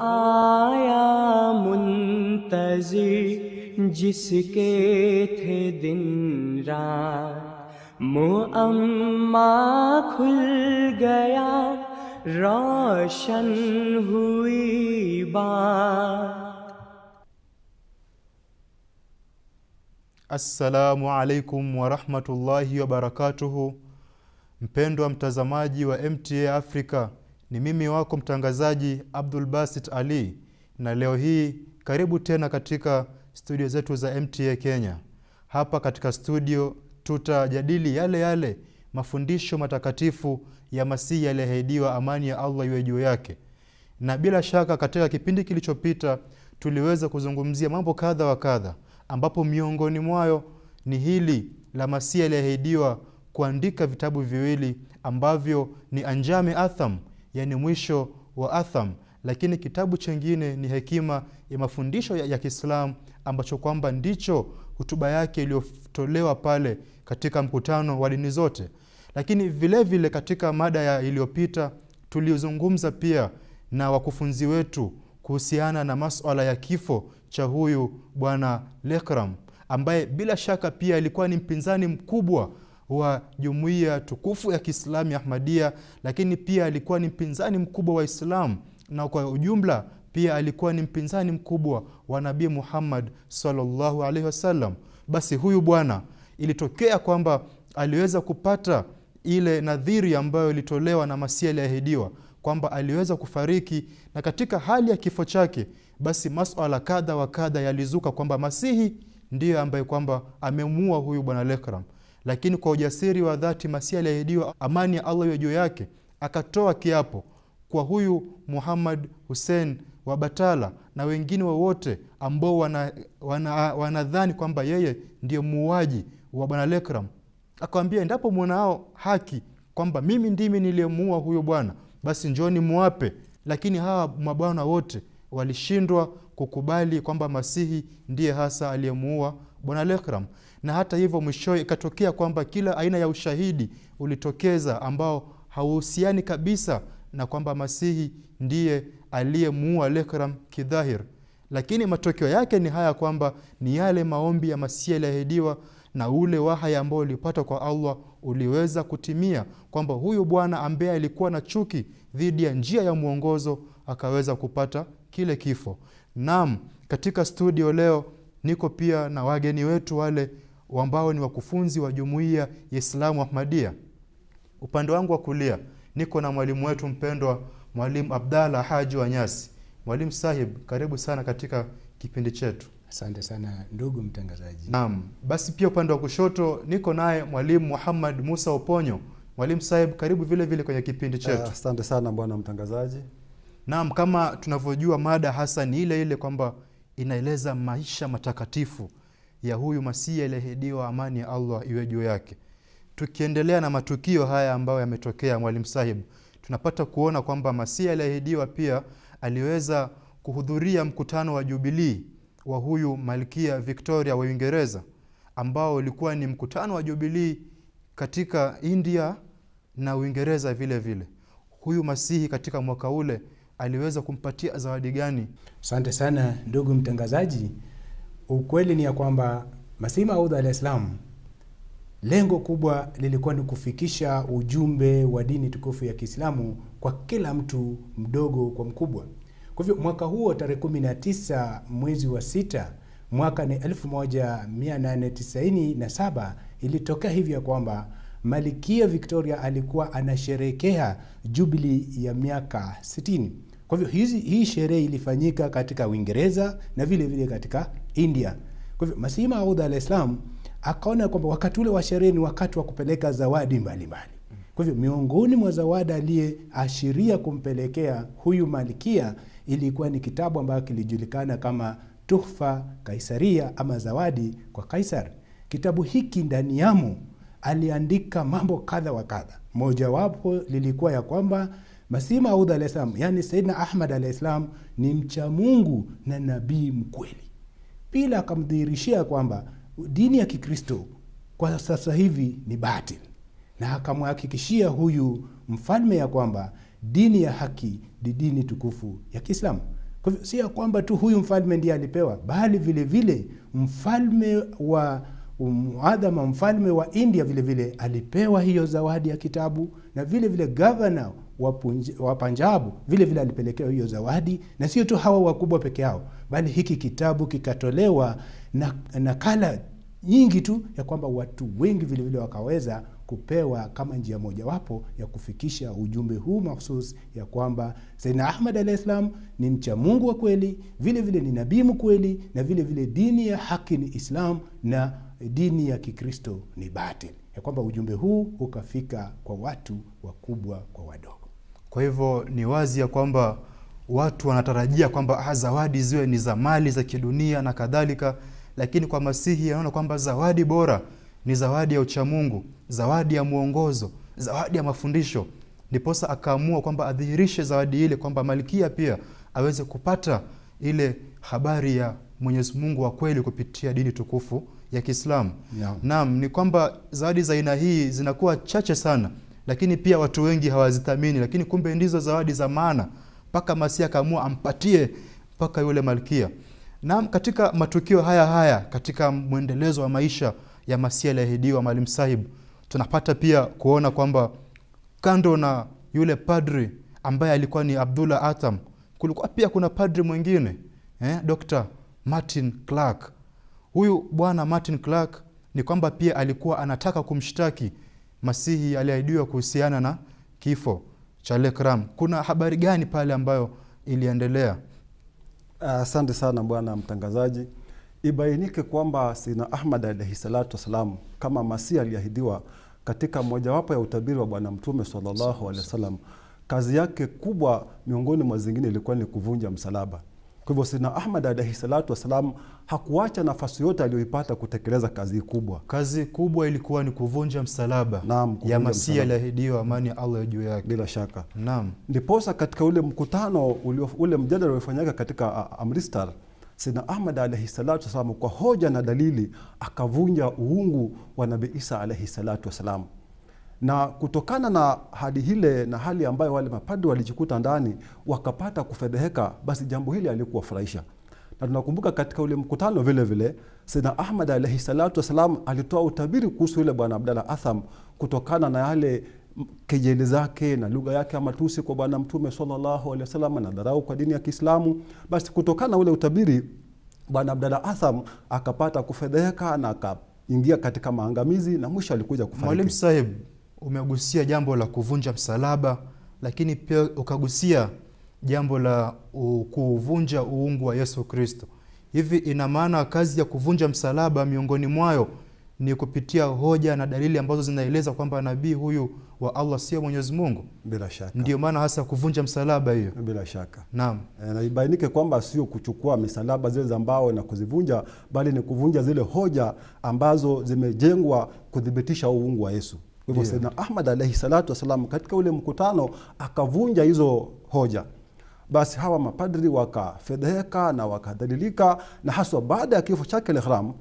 آیا منتظر جس کے تھے دن رات را کھل گیا روشن ہوئی بلام علیکم ورحمۃ اللہ وبرکاتہ mpendwa mtazamaji wa MTA Africa. Ni mimi wako mtangazaji Abdul Basit Ali, na leo hii karibu tena katika studio zetu za MTA Kenya. Hapa katika studio tutajadili yale yale mafundisho matakatifu ya Masihi yaliyeahidiwa, amani ya Allah iwe juu yake. Na bila shaka katika kipindi kilichopita tuliweza kuzungumzia mambo kadha wa kadha, ambapo miongoni mwayo ni hili la Masihi aliyeahidiwa kuandika vitabu viwili ambavyo ni Anjame Atham yani mwisho wa Atham, lakini kitabu chengine ni hekima ya mafundisho ya, ya Kiislamu ambacho kwamba ndicho hutuba yake iliyotolewa pale katika mkutano wa dini zote. Lakini vilevile vile katika mada ya iliyopita tulizungumza pia na wakufunzi wetu kuhusiana na masuala ya kifo cha huyu bwana Lekram ambaye bila shaka pia alikuwa ni mpinzani mkubwa wa jumuiya tukufu ya Kiislamu ya ahmadia lakini pia alikuwa ni mpinzani mkubwa wa islam na kwa ujumla pia alikuwa ni mpinzani mkubwa wa Nabii Muhammad sallallahu alaihi wasallam. Basi huyu bwana ilitokea kwamba aliweza kupata ile nadhiri ambayo ilitolewa na Masihi aliahidiwa kwamba aliweza kufariki, na katika hali ya kifo chake basi masuala kadha wa kadha yalizuka kwamba Masihi ndiyo ambaye kwamba amemuua huyu bwana Lekram lakini kwa ujasiri wa dhati Masihi aliahidiwa amani ya Allah iwe juu yake, akatoa kiapo kwa huyu Muhammad Hussein wa Batala na wengine wowote wa ambao wanadhani wana, wana kwamba yeye ndiyo muuaji wa bwana Lekram, akawambia endapo mwanao haki kwamba mimi ndimi niliyemuua huyo bwana, basi njoni muape. Lakini hawa mabwana wote walishindwa kukubali kwamba Masihi ndiye hasa aliyemuua bwana Lekram na hata hivyo mwishowe ikatokea kwamba kila aina ya ushahidi ulitokeza ambao hauhusiani kabisa na kwamba Masihi ndiye aliyemuua Lekram kidhahir, lakini matokeo yake ni haya kwamba ni yale maombi ya Masihi yaliahidiwa na ule wahai ambao ulipata kwa Allah uliweza kutimia, kwamba huyu bwana ambaye alikuwa na chuki dhidi ya njia ya mwongozo akaweza kupata kile kifo. nam katika studio leo niko pia na wageni wetu wale ambao ni wakufunzi wa Jumuiya ya Islamu Ahmadia. Upande wangu wa kulia niko na mwalimu wetu mpendwa Mwalimu Abdalla Haji Wanyasi. Mwalimu sahib, karibu sana katika kipindi chetu. Asante sana ndugu mtangazaji. Naam, basi pia upande wa kushoto niko naye Mwalimu Muhammad Musa Oponyo. Mwalimu sahib, karibu vile vile kwenye kipindi chetu. Ah, asante uh, sana bwana mtangazaji. Naam, kama tunavyojua mada hasa ni ile ile kwamba inaeleza maisha matakatifu ya huyu Masihi aliyeahidiwa, amani ya Allah iwe juu yake. Tukiendelea na matukio haya ambayo yametokea, Mwalimu Sahibu, tunapata kuona kwamba Masihi aliyeahidiwa pia aliweza kuhudhuria mkutano wa Jubilii wa huyu Malkia Victoria wa Uingereza ambao ulikuwa ni mkutano wa Jubilii katika India na Uingereza vile vile. Huyu Masihi katika mwaka ule aliweza kumpatia zawadi gani? Asante sana ndugu mtangazaji ukweli ni ya kwamba Masihi Maud alaihis salam lengo kubwa lilikuwa ni kufikisha ujumbe wa dini tukufu ya Kiislamu kwa kila mtu, mdogo kwa mkubwa. Kwa hivyo mwaka huo tarehe 19 mwezi wa sita mwaka ni 1897 ilitokea hivyo ya kwamba Malikia Victoria alikuwa anasherekea jubili ya miaka 60. Kwa hivyo hizi hii sherehe ilifanyika katika Uingereza na vile vile katika India. Kwa hivyo Masihi Maud alaihis akaona kwamba wakati ule wa sherehe ni wakati wa kupeleka zawadi mbalimbali. Kwa hivyo miongoni mwa zawadi aliyeashiria kumpelekea huyu malkia ilikuwa ni kitabu ambacho kilijulikana kama Tuhfa Kaisaria ama zawadi kwa Kaisar. Kitabu hiki ndani yamo aliandika mambo kadha wa kadha, mojawapo lilikuwa ya kwamba Masihi Maud alaihis salam, yani Saidna Ahmad alaihis salam ni mcha Mungu na nabii mkweli. Pila akamdhihirishia kwamba dini ya Kikristo kwa sasa hivi ni batil, na akamhakikishia huyu mfalme ya kwamba dini ya haki ni dini tukufu ya Kiislamu. Kwa hivyo si ya kwamba tu huyu mfalme ndiye alipewa, bali vile vile mfalme wa muadhama, um, mfalme wa India vile vile alipewa hiyo zawadi ya kitabu, na vile vile gavana wa Panjabu vile vile alipelekewa hiyo zawadi, na sio tu hawa wakubwa peke yao, bali hiki kitabu kikatolewa na nakala nyingi tu ya kwamba watu wengi vile vile wakaweza kupewa kama njia mojawapo ya kufikisha ujumbe huu mahsus ya kwamba Saidna Ahmad alahi ssalam ni mcha Mungu wa kweli, vile vile ni nabii mkweli, na vile vile dini ya haki ni Islam na dini ya Kikristo ni batil, ya kwamba ujumbe huu ukafika kwa watu wakubwa kwa wadogo. Kwa hivyo ni wazi ya kwamba watu wanatarajia kwamba ah, zawadi ziwe ni za mali za kidunia na kadhalika, lakini kwa Masihi anaona kwamba zawadi bora ni zawadi ya uchamungu, zawadi ya mwongozo, zawadi ya mafundisho. Ndiposa akaamua kwamba adhihirishe zawadi ile, kwamba malkia pia aweze kupata ile habari ya Mwenyezi Mungu wa kweli kupitia dini tukufu ya Kiislamu. Naam, ni kwamba zawadi za aina hii zinakuwa chache sana lakini pia watu wengi hawazithamini, lakini kumbe ndizo zawadi za maana, mpaka Masia akaamua ampatie mpaka yule malkia. Naam, katika matukio haya haya, katika mwendelezo wa maisha ya Masia aliyeahidiwa Maalim Sahib, tunapata pia kuona kwamba kando na yule padri ambaye alikuwa ni Abdullah Atam, kulikuwa pia kuna padri mwingine eh, Dr. Martin Clark. Huyu bwana Martin Clark ni kwamba pia alikuwa anataka kumshtaki Masihi aliahidiwa kuhusiana na kifo cha Lekram. Kuna habari gani pale ambayo iliendelea? Asante uh, sana bwana mtangazaji. Ibainike kwamba Sina Ahmad alaihi salatu wassalam kama Masihi aliahidiwa katika mojawapo ya utabiri wa Bwana Mtume sallallahu alaihi wasallam, kazi yake kubwa miongoni mwa zingine ilikuwa ni kuvunja msalaba. Kwa hivyo Sayyidina Ahmad alaihi salatu wassalam hakuacha nafasi yote aliyoipata kutekeleza kazi kubwa. Kazi kubwa ilikuwa ni kuvunja msalaba naam, ya Masihi aliahidiwa, amani Allah juu yake. Bila shaka naam, ndiposa katika ule mkutano ule, ule mjadala uliofanyika katika Amritsar sidna Ahmad alaihi salatu wassalam kwa hoja na dalili akavunja uungu wa Nabii Isa alaihi salatu wassalam na kutokana na hali ile na hali ambayo wale mapadri walijikuta ndani wakapata kufedheheka, basi jambo hili alikuwafurahisha. Na tunakumbuka katika ule mkutano vile vile Sayyidna Ahmad alayhi salatu wasalam alitoa utabiri kuhusu yule bwana Abdalla Atham kutokana na yale kejeli zake na lugha yake ya matusi kwa Bwana Mtume sallallahu alaihi wasallam na dharau kwa dini ya Kiislamu. Basi kutokana na ule utabiri Bwana Abdalla Atham akapata kufedheheka na akaingia katika maangamizi na mwisho alikuja kufariki. Mwalimu Sahib, umegusia jambo la kuvunja msalaba, lakini pia ukagusia jambo la kuvunja uungu wa Yesu Kristo. Hivi ina maana kazi ya kuvunja msalaba miongoni mwayo ni kupitia hoja na dalili ambazo zinaeleza kwamba nabii huyu wa Allah sio Mwenyezi Mungu. Bila shaka ndio maana hasa kuvunja msalaba hiyo. Bila shaka naam. E, na ibainike kwamba sio kuchukua misalaba zile za mbao na kuzivunja, bali ni kuvunja zile hoja ambazo zimejengwa kuthibitisha uungu wa Yesu. Kwa hivyo yeah. Saidna Ahmad alaihi salatu wassalam katika ule mkutano akavunja hizo hoja. Basi hawa mapadri wakafedheheka na wakadhalilika, na haswa baada ya kifo chake Lehram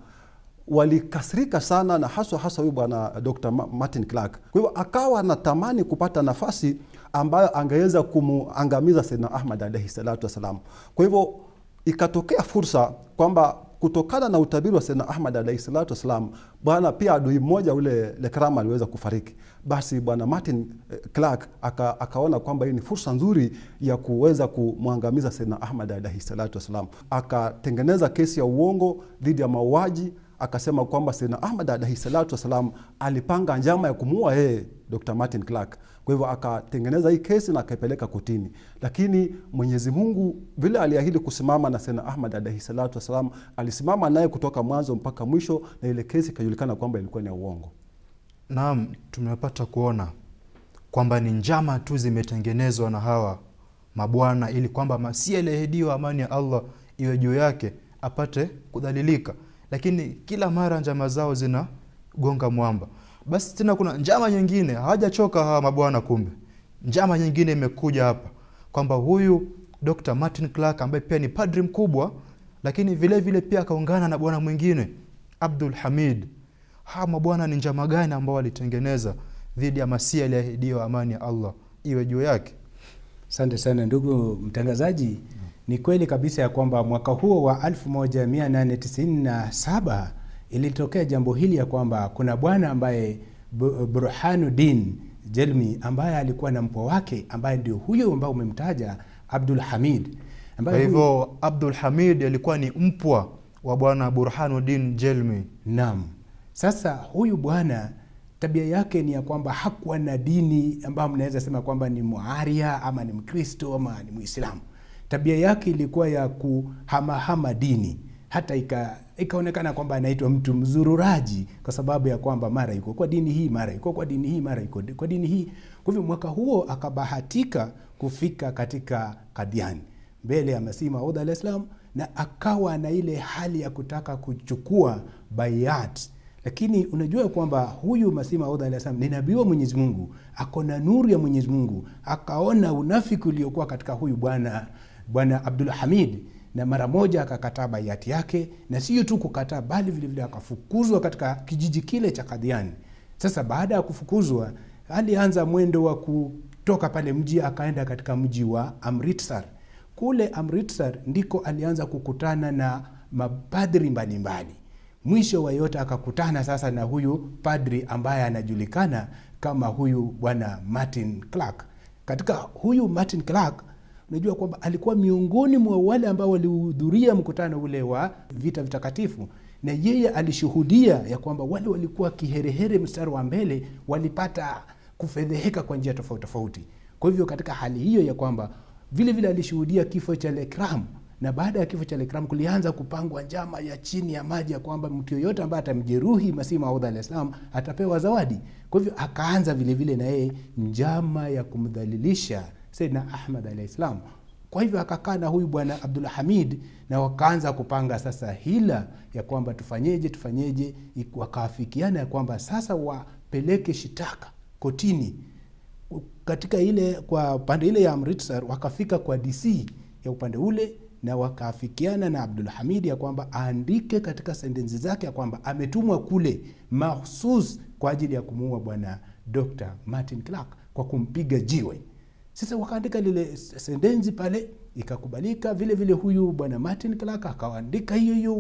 walikasirika sana, na haswa haswa huyu bwana Dr. Martin Clark. Kwa hivyo akawa anatamani kupata nafasi ambayo angeweza kumuangamiza Saidna Ahmad alaihi salatu wassalam. Kwa hivyo ikatokea fursa kwamba kutokana na utabiri wa Sayyidina Ahmad alayhi salatu wasalam, bwana pia adui mmoja ule Lekrama aliweza kufariki. Basi bwana Martin eh, Clark aka, akaona kwamba hii ni fursa nzuri ya kuweza kumwangamiza Sayyidina Ahmad alayhi salatu wasalam. Akatengeneza kesi ya uongo dhidi ya mauaji akasema kwamba Sayyidina Ahmad alayhi salatu wasalam alipanga njama ya kumuua yeye Dr. Martin Clark kwa hivyo akatengeneza hii kesi na akaipeleka kotini, lakini Mwenyezi Mungu vile aliahidi kusimama na Sena Ahmad alaihi salatu wassalam, alisimama naye kutoka mwanzo mpaka mwisho, na ile kesi ikajulikana kwamba ilikuwa ni ya uongo. Naam, tumepata kuona kwamba ni njama tu zimetengenezwa na hawa mabwana ili kwamba Masihi aliyeahidiwa amani ya Allah iwe juu yake apate kudhalilika, lakini kila mara njama zao zinagonga mwamba. Basi tena kuna njama nyingine, hawajachoka hawa mabwana. Kumbe njama nyingine imekuja hapa kwamba huyu Dr. Martin Clark ambaye pia ni padri mkubwa, lakini vile vile pia akaungana na bwana mwingine Abdul Hamid. Hawa mabwana ni njama gani ambao walitengeneza dhidi ya Masia aliyeahidiwa amani ya Allah iwe juu yake? Asante sana ndugu mtangazaji. Ni kweli kabisa ya kwamba mwaka huo wa 1897 ilitokea jambo hili ya kwamba kuna bwana ambaye Burhanuddin Jelmi ambaye alikuwa na mpwa wake ambaye ndio huyo ambao umemtaja Abdul Hamid. Kwa hivyo Abdul Hamid alikuwa ni mpwa wa bwana Burhanuddin Jelmi. Naam. Sasa huyu bwana tabia yake ni ya kwamba hakuwa na dini ambayo mnaweza sema kwamba ni muaria ama ni Mkristo ama ni Muislamu. Tabia yake ilikuwa ya kuhamahama dini hata ika, ikaonekana kwamba anaitwa mtu mzururaji kwa sababu ya kwamba mara iko kwa dini hii, mara iko kwa dini hii, mara iko kwa dini hii. Kwa hivyo mwaka huo akabahatika kufika katika Kadiani mbele ya Masihi Maud alaihis na akawa na ile hali ya kutaka kuchukua bayat. lakini unajua kwamba huyu Masihi Maud alaihis ni nabii wa Mwenyezi Mungu, ako na nuru ya Mwenyezi Mungu. Akaona unafiki uliokuwa katika huyu bwana bwana Abdul Hamid na mara moja akakataa baiati yake, na siyo tu kukataa, bali vilevile akafukuzwa katika kijiji kile cha kadhiani Sasa baada ya kufukuzwa, alianza mwendo wa kutoka pale mji akaenda katika mji wa Amritsar. Kule Amritsar ndiko alianza kukutana na mapadri mbalimbali. Mwisho wa yote akakutana sasa na huyu padri ambaye anajulikana kama huyu bwana Martin Clark. Katika huyu Martin Clark unajua kwamba alikuwa miongoni mwa wale ambao walihudhuria mkutano ule wa vita vitakatifu, na yeye alishuhudia ya kwamba wale walikuwa kiherehere mstari wa mbele walipata kufedheheka kwa njia tofauti tofauti. Kwa hivyo katika hali hiyo ya kwamba vile vile alishuhudia kifo cha Lekram, na baada ya kifo cha Lekram kulianza kupangwa njama ya chini ya maji ya kwamba mtu yoyote ambaye atamjeruhi Masihi maudha alaihis atapewa zawadi. Kwa hivyo akaanza vile vile na yeye njama ya kumdhalilisha Saidna Ahmad alahi salam. Kwa hivyo akakaa na huyu bwana Abdul Hamid na wakaanza kupanga sasa hila ya kwamba tufanyeje, tufanyeje. Wakaafikiana ya kwamba sasa wapeleke shitaka kotini katika ile kwa pande ile ya Amritsar, wakafika kwa DC ya upande ule na wakaafikiana na Abdul Hamid ya kwamba aandike katika sentensi zake ya kwamba ametumwa kule mahsus kwa ajili ya kumuua bwana Dr Martin Clark kwa kumpiga jiwe. Sasa wakaandika lile sendenzi pale, ikakubalika. Vile vile huyu bwana Martin Clark akaandika hiyo hiyo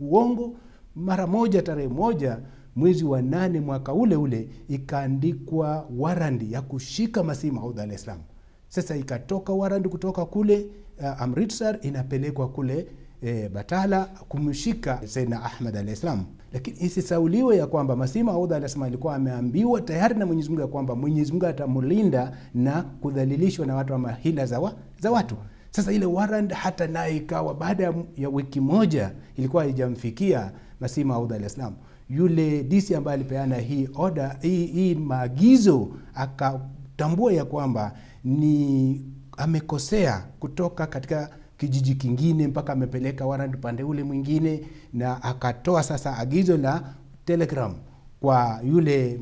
uongo mara moja, tarehe moja mwezi wa nane mwaka ule ule, ikaandikwa warandi ya kushika masihi Maud alaihis salam. Sasa ikatoka warandi kutoka kule uh, Amritsar inapelekwa kule eh, Batala kumshika seidna Ahmad alah salam. Lakini isisauliwe ya kwamba masima Maud anasema alikuwa ameambiwa tayari na Mwenyezi Mungu ya kwamba Mwenyezi Mungu atamlinda na kudhalilishwa na watu ama hila za, wa, za watu. Sasa ile warrant hata naye ikawa baada ya wiki moja ilikuwa haijamfikia masima Maud alaihis salam yule DC ambaye alipeana hii order, hii, hii maagizo akatambua ya kwamba ni amekosea kutoka katika kijiji kingine mpaka amepeleka warrant upande ule mwingine, na akatoa sasa agizo la telegram kwa yule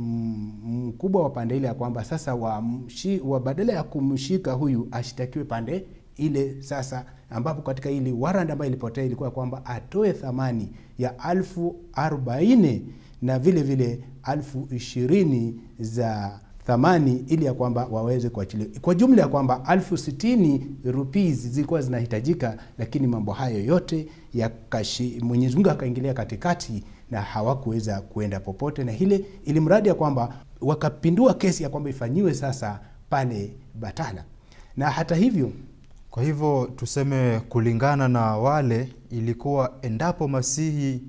mkubwa wa pande ile ya kwamba sasa wa, mshi, wa badala ya kumshika huyu ashitakiwe pande ile sasa, ambapo katika ili warrant ambayo ilipotea ilikuwa kwamba atoe thamani ya alfu arobaini na vile vile alfu ishirini za thamani ili ya kwamba waweze kuachiliwa. Kwa jumla ya kwamba alfu sitini rupees zilikuwa zinahitajika, lakini mambo hayo yote ya Mwenyezi Mungu akaingilia katikati na hawakuweza kuenda popote na hile, ili mradi ya kwamba wakapindua kesi ya kwamba ifanyiwe sasa pale Batala. Na hata hivyo, kwa hivyo tuseme, kulingana na wale, ilikuwa endapo Masihi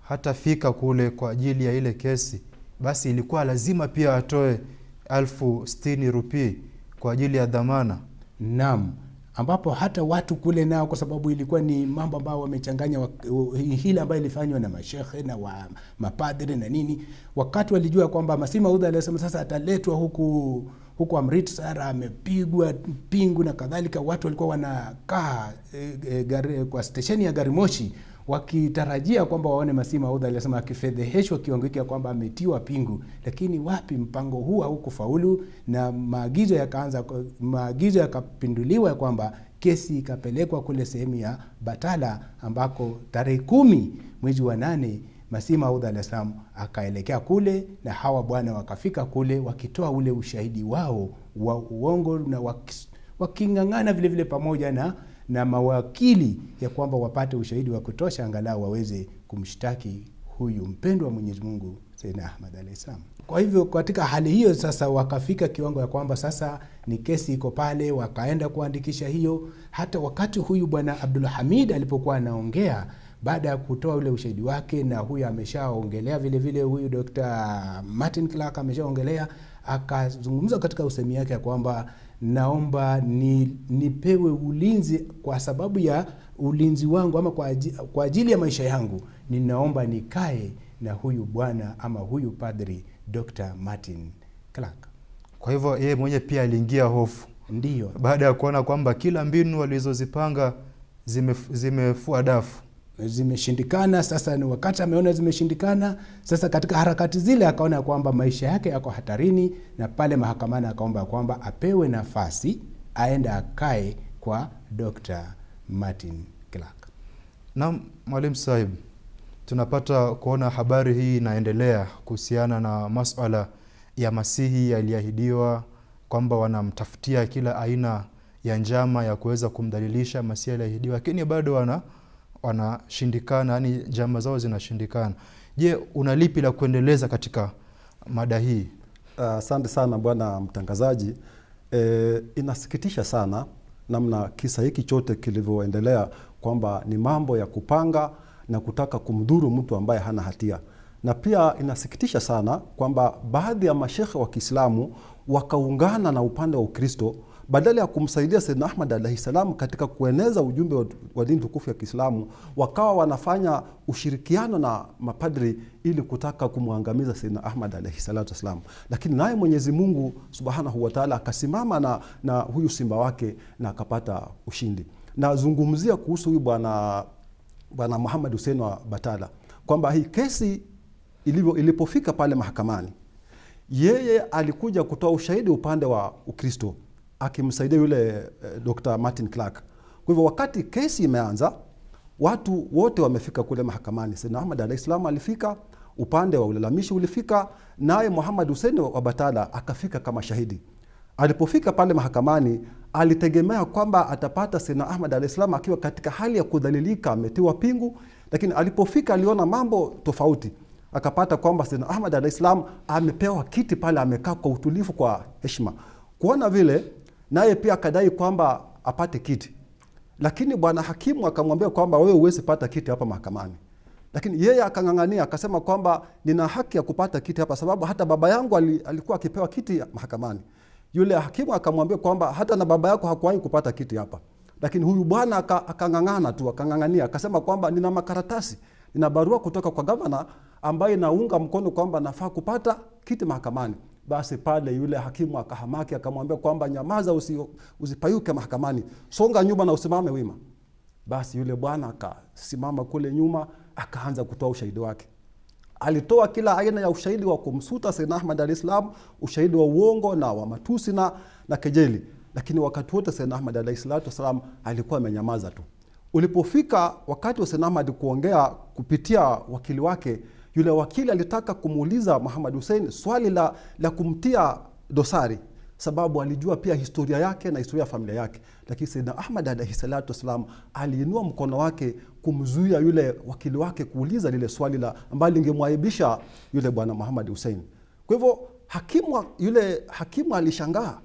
hatafika kule kwa ajili ya ile kesi, basi ilikuwa lazima pia atoe elfu sitini rupi kwa ajili ya dhamana. Naam, ambapo hata watu kule nao, kwa sababu ilikuwa ni mambo ambayo wamechanganya hili ambayo ilifanywa na mashehe na wa mapadri na nini, wakati walijua kwamba Masihi maudha alisema sasa ataletwa huku huku Amritsar amepigwa pingu na kadhalika, watu walikuwa wanakaa e, e, kwa stesheni ya gari moshi wakitarajia kwamba waone Masih Maudha alisema akifedheheshwa kiwango hiki kwamba ametiwa pingu, lakini wapi, mpango huu haukufaulu na maagizo yakaanza, maagizo yakapinduliwa kwamba kesi ikapelekwa kule sehemu ya Batala ambako tarehe kumi mwezi wa nane masima Maudha alaihis salaam akaelekea kule na hawa bwana wakafika kule wakitoa ule ushahidi wao wa uongo na waking'ang'ana vilevile pamoja na na mawakili ya kwamba wapate ushahidi wa kutosha angalau waweze kumshtaki huyu mpendwa wa Mwenyezi Mungu Sayyidina Ahmad alayhis Kwa hivyo katika hali hiyo sasa wakafika kiwango ya kwamba sasa ni kesi iko pale, wakaenda kuandikisha hiyo. Hata wakati huyu bwana Abdul Hamid alipokuwa anaongea baada ya kutoa ule ushahidi wake, na huyu ameshaongelea vile vile, huyu Dr. Martin Clark ameshaongelea, akazungumza katika usemi yake ya kwamba naomba ni, nipewe ulinzi kwa sababu ya ulinzi wangu ama kwa ajili, kwa ajili ya maisha yangu, ninaomba nikae na huyu bwana ama huyu padri Dr. Martin Clark. Kwa hivyo yeye mwenyewe pia aliingia hofu, ndio baada ya kuona kwamba kila mbinu walizozipanga zimefua zime dafu zimeshindikana. Sasa ni wakati ameona zimeshindikana, sasa katika harakati zile akaona ya kwamba maisha yake yako hatarini, na pale mahakamani akaomba kwamba apewe nafasi aende akae kwa Dr. Martin Clark. Naam, mwalim Saib, tunapata kuona habari hii inaendelea kuhusiana na maswala ya Masihi yaliyeahidiwa kwamba wanamtafutia kila aina ya njama ya kuweza kumdhalilisha Masihi aliahidiwa, lakini bado wana wanashindikana, yani njama zao zinashindikana. Je, una lipi la kuendeleza katika mada hii? Ah, asante uh, sana bwana mtangazaji. E, inasikitisha sana namna kisa hiki chote kilivyoendelea, kwamba ni mambo ya kupanga na kutaka kumdhuru mtu ambaye hana hatia, na pia inasikitisha sana kwamba baadhi ya mashehe wa Kiislamu wakaungana na upande wa Ukristo badala ya kumsaidia Sayyidna Ahmad alaihi salam katika kueneza ujumbe wa, dini tukufu ya Kiislamu, wakawa wanafanya ushirikiano na mapadri ili kutaka kumwangamiza Sayyidna Ahmad alaihi salatu wassalam. Lakini naye Mwenyezi Mungu subhanahu wa taala akasimama na, na huyu simba wake na akapata ushindi. Nazungumzia kuhusu huyu bwana bwana Muhammad Hussein wa Batala kwamba hii kesi ilivyo ilipofika pale mahakamani, yeye alikuja kutoa ushahidi upande wa Ukristo akimsaidia yule eh, Dr. Martin Clark. Kwa hivyo wakati kesi imeanza, watu wote wamefika kule mahakamani. Sayyidna Ahmad alayhi salam alifika, upande wa ulalamishi ulifika, naye Muhammad Hussein wa Batala akafika kama shahidi. Alipofika pale mahakamani, alitegemea kwamba atapata Sayyidna Ahmad alayhi salam akiwa katika hali ya kudhalilika, ametiwa pingu, lakini alipofika aliona mambo tofauti akapata kwamba Sayyidna Ahmad alahissalam amepewa kiti pale, amekaa kwa utulivu, kwa heshima. Kuona vile naye pia akadai kwamba apate kiti, lakini bwana hakimu akamwambia kwamba wewe huwezi pata kiti hapa mahakamani. Lakini yeye akang'ang'ania, akasema kwamba nina haki ya kupata kiti hapa, sababu hata baba yangu alikuwa akipewa kiti mahakamani. Yule hakimu akamwambia kwamba hata na baba yako hakuwahi kupata kiti hapa, lakini huyu bwana akang'ang'ana tu, akang'ang'ania, akasema kwamba nina makaratasi, nina barua kutoka kwa gavana ambayo inaunga mkono kwamba nafaa kupata kiti mahakamani. Basi pale yule hakimu akahamaki akamwambia kwamba nyamaza, usi, usipayuke mahakamani, songa nyuma na usimame wima. Basi yule bwana akasimama kule nyuma, akaanza kutoa ushahidi wake. Alitoa kila aina ya ushahidi wa kumsuta Sayyidna Ahmad alaihis ushahidi wa uongo na wa matusi na, na kejeli, lakini wakati wote Sayyidna Ahmad alaihis salatu wassalam alikuwa amenyamaza tu. Ulipofika wakati wa Sayyidna Ahmad kuongea kupitia wakili wake yule wakili alitaka kumuuliza Muhammad Hussein swali la, la kumtia dosari sababu alijua pia historia yake na historia ya familia yake, lakini Saidina Ahmad alaihi salatu wassalam aliinua mkono wake kumzuia yule wakili wake kuuliza lile swali la ambalo lingemwaibisha yule bwana Muhammad Hussein. Kwa hivyo hakimu yule hakimu alishangaa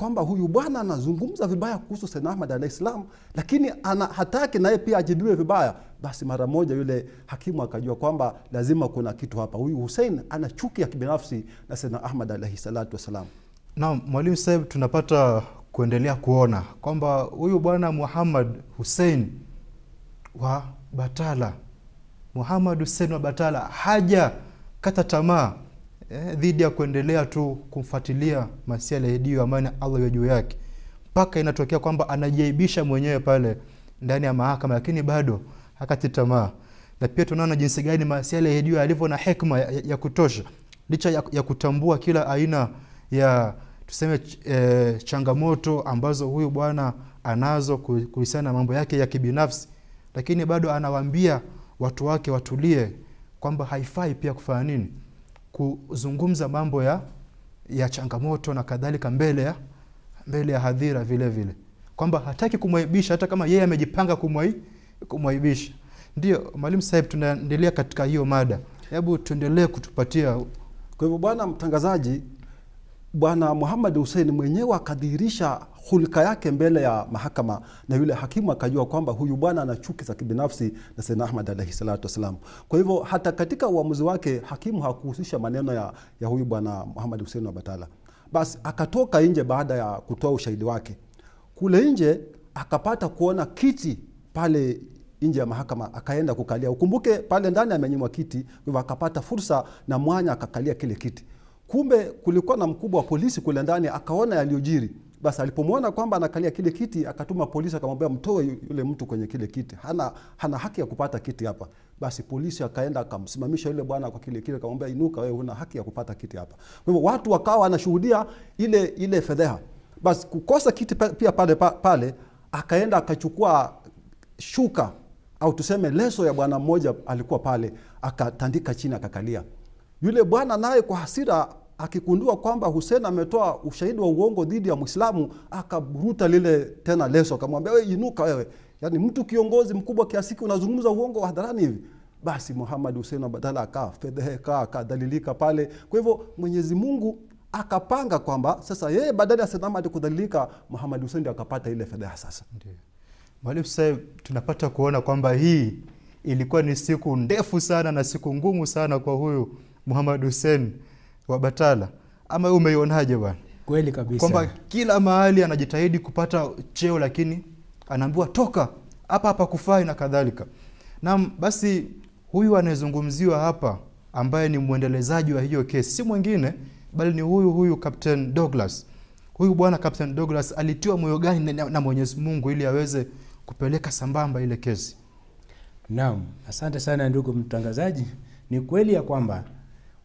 kwamba huyu bwana anazungumza vibaya kuhusu Sayyidna Ahmad alayhi salam, lakini ana hataki naye pia ajibiwe vibaya. Basi mara moja yule hakimu akajua kwamba lazima kuna kitu hapa, huyu Hussein ana chuki ya kibinafsi na Sayyidna Ahmad alayhi salatu wasalam. Naam, mwalimu Saib, tunapata kuendelea kuona kwamba huyu bwana Muhammad Hussein wa Batala, Muhammad Hussein wa Batala haja kata tamaa eh, dhidi ya kuendelea tu kumfuatilia Masihi aliyeahidiwa amani Allah iwe juu yake, mpaka inatokea kwamba anajiaibisha mwenyewe pale ndani ya mahakama, lakini bado hakati tamaa. Na pia tunaona jinsi gani Masihi aliyeahidiwa alivyo na hekima ya, ya, ya kutosha licha ya, ya kutambua kila aina ya tuseme e, changamoto ambazo huyu bwana anazo kuhusiana na mambo yake ya kibinafsi, lakini bado anawaambia watu wake watulie kwamba haifai pia kufanya nini kuzungumza mambo ya, ya changamoto na kadhalika mbele ya, mbele ya hadhira vile vile, kwamba hataki kumwaibisha hata kama yeye amejipanga kumwaibisha. Ndio mwalimu Sahib, tunaendelea katika hiyo mada, hebu tuendelee kutupatia. Kwa hivyo bwana mtangazaji Bwana Muhammad Hussein mwenyewe akadhihirisha hulka yake mbele ya mahakama, na yule hakimu akajua kwamba huyu bwana ana chuki za kibinafsi na Sayyidna Ahmad alaihi salatu wassalam. Kwa hivyo hata katika uamuzi wake hakimu hakuhusisha maneno ya, ya huyu bwana Muhammad Hussein wa Batala. Basi akatoka nje baada ya kutoa ushahidi wake kule nje, akapata kuona kiti pale nje ya mahakama akaenda kukalia. Ukumbuke pale ndani amenyimwa kiti, kwa hivyo akapata fursa na mwanya akakalia kile kiti. Kumbe kulikuwa na mkubwa wa polisi kule ndani, akaona yaliyojiri. Basi alipomwona kwamba anakalia kile kiti, akatuma polisi akamwambia, mtoe yule mtu kwenye kile kiti, hana, hana haki ya kupata kiti hapa. Basi polisi akaenda akamsimamisha yule bwana kwa kile kile, akamwambia, inuka wewe, una haki ya kupata kiti hapa. Kwa hivyo watu wakawa wanashuhudia ile ile fedheha. Basi kukosa kiti pia pale pale, akaenda akachukua shuka au tuseme leso ya bwana mmoja alikuwa pale, akatandika chini akakalia. Yule bwana naye kwa hasira akikundua kwamba Hussein ametoa ushahidi wa uongo dhidi ya Muislamu, akaburuta lile tena leso, akamwambia wewe, inuka wewe. Yani mtu kiongozi mkubwa kiasi unazungumza uongo hadharani hivi? Basi Muhammad Hussein badala akafedheheka, akadhalilika pale. Kwa hivyo Mwenyezi Mungu akapanga kwamba sasa yeye badala ya Saddam kudhalilika, Muhammad Hussein ndio akapata ile fedheha. Sasa ndio Mwalimu Saib, tunapata kuona kwamba hii ilikuwa ni siku ndefu sana na siku ngumu sana kwa huyu Muhammad Hussein wa Batala, ama wewe umeionaje bwana? Kweli kabisa, kwamba kila mahali anajitahidi kupata cheo, lakini anaambiwa toka hapa hapa kufai na kadhalika. Naam, basi huyu anayezungumziwa hapa ambaye ni mwendelezaji wa hiyo kesi si mwingine bali ni huyu huyu Captain Douglas. Huyu bwana Captain Douglas alitiwa moyo gani na Mwenyezi Mungu ili aweze kupeleka sambamba ile kesi? Naam, asante sana ndugu mtangazaji. Ni kweli ya kwamba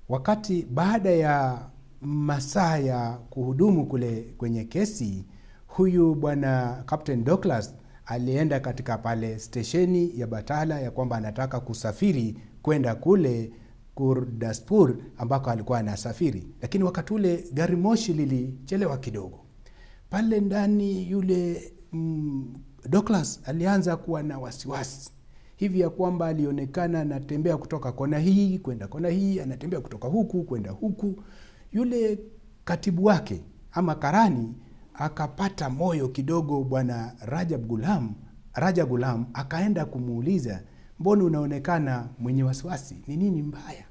Wakati baada ya masaa ya kuhudumu kule kwenye kesi, huyu bwana Captain Douglas alienda katika pale stesheni ya Batala ya kwamba anataka kusafiri kwenda kule Kurdaspur ambako alikuwa anasafiri, lakini wakati ule gari moshi lilichelewa kidogo. Pale ndani yule mm, Douglas alianza kuwa na wasiwasi hivi ya kwamba alionekana anatembea kutoka kona hii kwenda kona hii, anatembea kutoka huku kwenda huku. Yule katibu wake ama karani akapata moyo kidogo, bwana Rajab Gulam, Raja Gulam akaenda kumuuliza, mbona unaonekana mwenye wasiwasi, ni nini mbaya?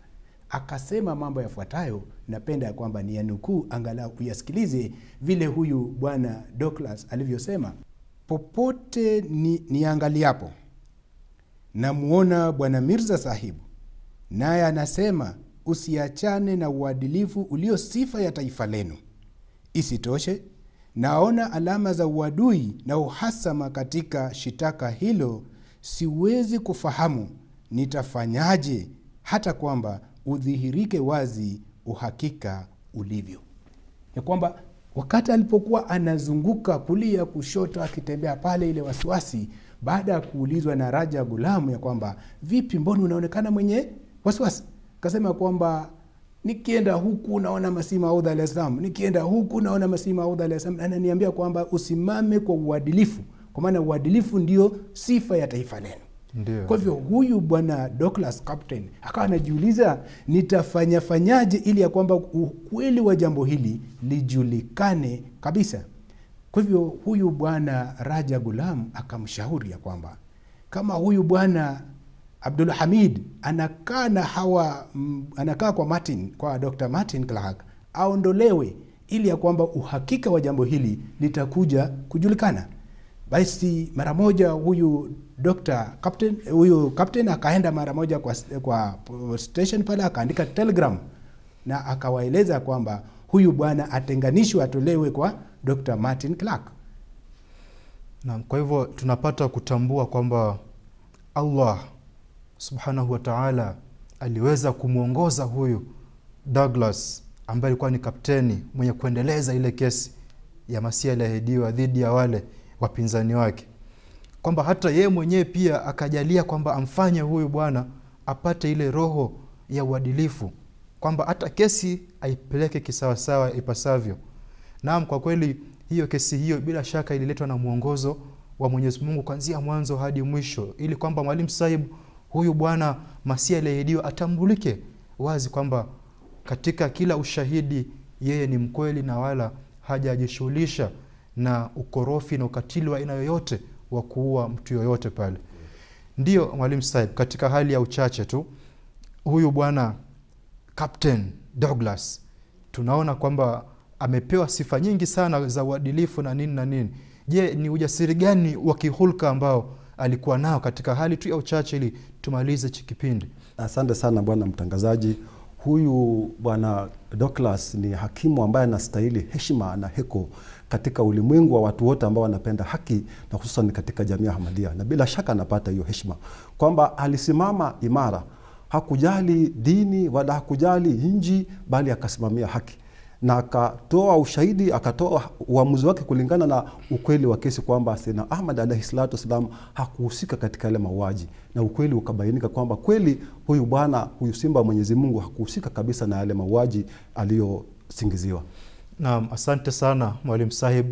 Akasema mambo yafuatayo, napenda ya kwamba ni yanukuu, angalau uyasikilize vile huyu bwana Douglas alivyosema. Popote niangaliapo ni namuona Bwana Mirza Sahibu, naye anasema usiachane na uadilifu ulio sifa ya taifa lenu. Isitoshe, naona alama za uadui na uhasama katika shitaka hilo. Siwezi kufahamu nitafanyaje hata kwamba udhihirike wazi uhakika ulivyo. Ya kwamba wakati alipokuwa anazunguka kulia kushoto, akitembea pale, ile wasiwasi baada ya kuulizwa na Raja Gulamu ya kwamba vipi, mbona unaonekana mwenye wasiwasi, akasema kwamba nikienda huku naona Masihi Maud alaihis salam, nikienda huku naona Masihi Maud alaihis salam, ananiambia kwamba usimame kwa uadilifu, kwa maana uadilifu ndio sifa ya taifa lenu. Kwa hivyo huyu bwana Douglas Captain akawa anajiuliza nitafanya fanyaje ili ya kwamba ukweli wa jambo hili lijulikane kabisa. Kwa hivyo huyu bwana Raja Gulam akamshauri ya kwamba kama huyu bwana Abdul Hamid anakaa na hawa mm, anakaa kwa Martin, kwa Dr. Martin Clark aondolewe ili ya kwamba uhakika wa jambo hili litakuja kujulikana. Basi mara moja huyu Dr. Captain, huyu Captain akaenda mara moja kwa, kwa station pale akaandika telegram na akawaeleza kwamba huyu bwana atenganishwe atolewe kwa Dr. Martin Clark. Na kwa hivyo tunapata kutambua kwamba Allah subhanahu wa ta'ala aliweza kumwongoza huyu Douglas ambaye alikuwa ni kapteni mwenye kuendeleza ile kesi ya Masihi aliyeahidiwa dhidi ya wale wapinzani wake, kwamba hata yeye mwenyewe pia akajalia kwamba amfanye huyu bwana apate ile roho ya uadilifu, kwamba hata kesi aipeleke kisawasawa ipasavyo. Naam, kwa kweli hiyo kesi hiyo bila shaka ililetwa na mwongozo wa Mwenyezi Mungu kuanzia mwanzo hadi mwisho, ili kwamba Mwalimu Sahib huyu bwana Masihi aliyeahidiwa atambulike wazi kwamba katika kila ushahidi yeye ni mkweli na wala hajajishughulisha na ukorofi na ukatili wa aina yoyote wa kuua mtu yoyote pale. Ndiyo Mwalimu Sahib, katika hali ya uchache tu, huyu bwana Captain Douglas tunaona kwamba amepewa sifa nyingi sana za uadilifu na nini na nini. Je, ni ujasiri gani wa kihulka ambao alikuwa nao katika hali tu ya uchache ili tumalize kipindi? Asante sana bwana mtangazaji. Huyu bwana Douglas ni hakimu ambaye anastahili heshima na heko katika ulimwengu wa watu wote ambao wanapenda haki na hususan katika jamii ya Ahmadiyya, na bila shaka anapata hiyo heshima kwamba alisimama imara, hakujali dini wala hakujali nji bali akasimamia haki na akatoa ushahidi, akatoa uamuzi wake kulingana na ukweli wa kesi kwamba Sena Ahmad alaihi salatu wassalam hakuhusika katika yale mauaji, na ukweli ukabainika kwamba kweli huyu bwana, huyu simba wa Mwenyezi Mungu hakuhusika kabisa na yale mauaji aliyosingiziwa. Naam, asante sana Mwalimu Sahib.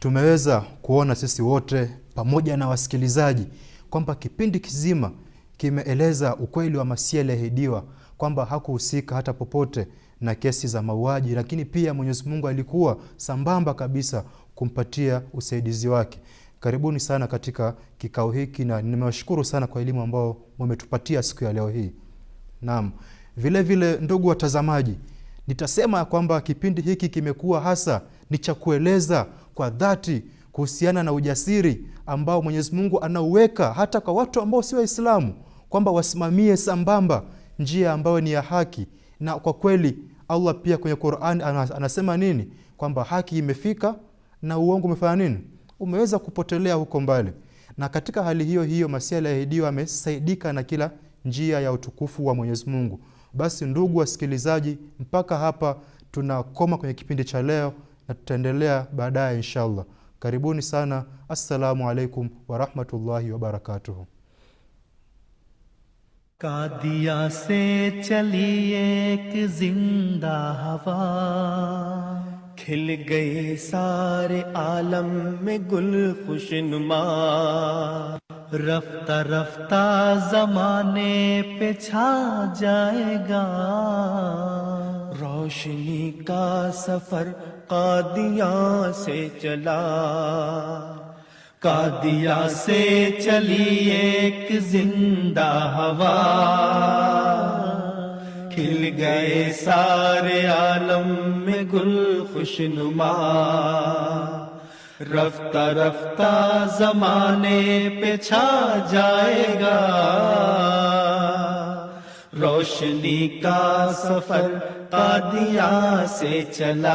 Tumeweza kuona sisi wote pamoja na wasikilizaji kwamba kipindi kizima kimeeleza ukweli wa Masia aliyeahidiwa kwamba hakuhusika hata popote na kesi za mauaji, lakini pia Mwenyezi Mungu alikuwa sambamba kabisa kumpatia usaidizi wake. Karibuni sana katika kikao hiki na nimewashukuru sana kwa elimu ambayo mmetupatia siku ya leo hii. Naam, vile vile ndugu watazamaji, nitasema kwamba kipindi hiki kimekuwa hasa ni cha kueleza kwa dhati kuhusiana na ujasiri ambao Mwenyezi Mungu anauweka hata kwa watu ambao si Waislamu, kwamba wasimamie sambamba njia ambayo ni ya haki, na kwa kweli Allah pia kwenye qurani anasema nini? Kwamba haki imefika na uongo umefanya nini? Umeweza kupotelea huko mbali. Na katika hali hiyo hiyo Masih aliyeahidiwa amesaidika na kila njia ya utukufu wa Mwenyezi Mungu. Basi ndugu wasikilizaji, mpaka hapa tunakoma kwenye kipindi cha leo na tutaendelea baadaye inshallah. Karibuni sana. Assalamu alaikum warahmatullahi wabarakatuhu. کادیا سے چلی ایک زندہ ہوا کھل گئے سارے عالم میں گل خوش نما رفتہ رفتہ زمانے پہ چھا جائے گا روشنی کا سفر قادیاں سے چلا قادیا سے چلی ایک زندہ ہوا کھل گئے سارے عالم میں گل خوش نما رفتہ رفتہ زمانے پہ چھا جائے گا روشنی کا سفر قادیا سے چلا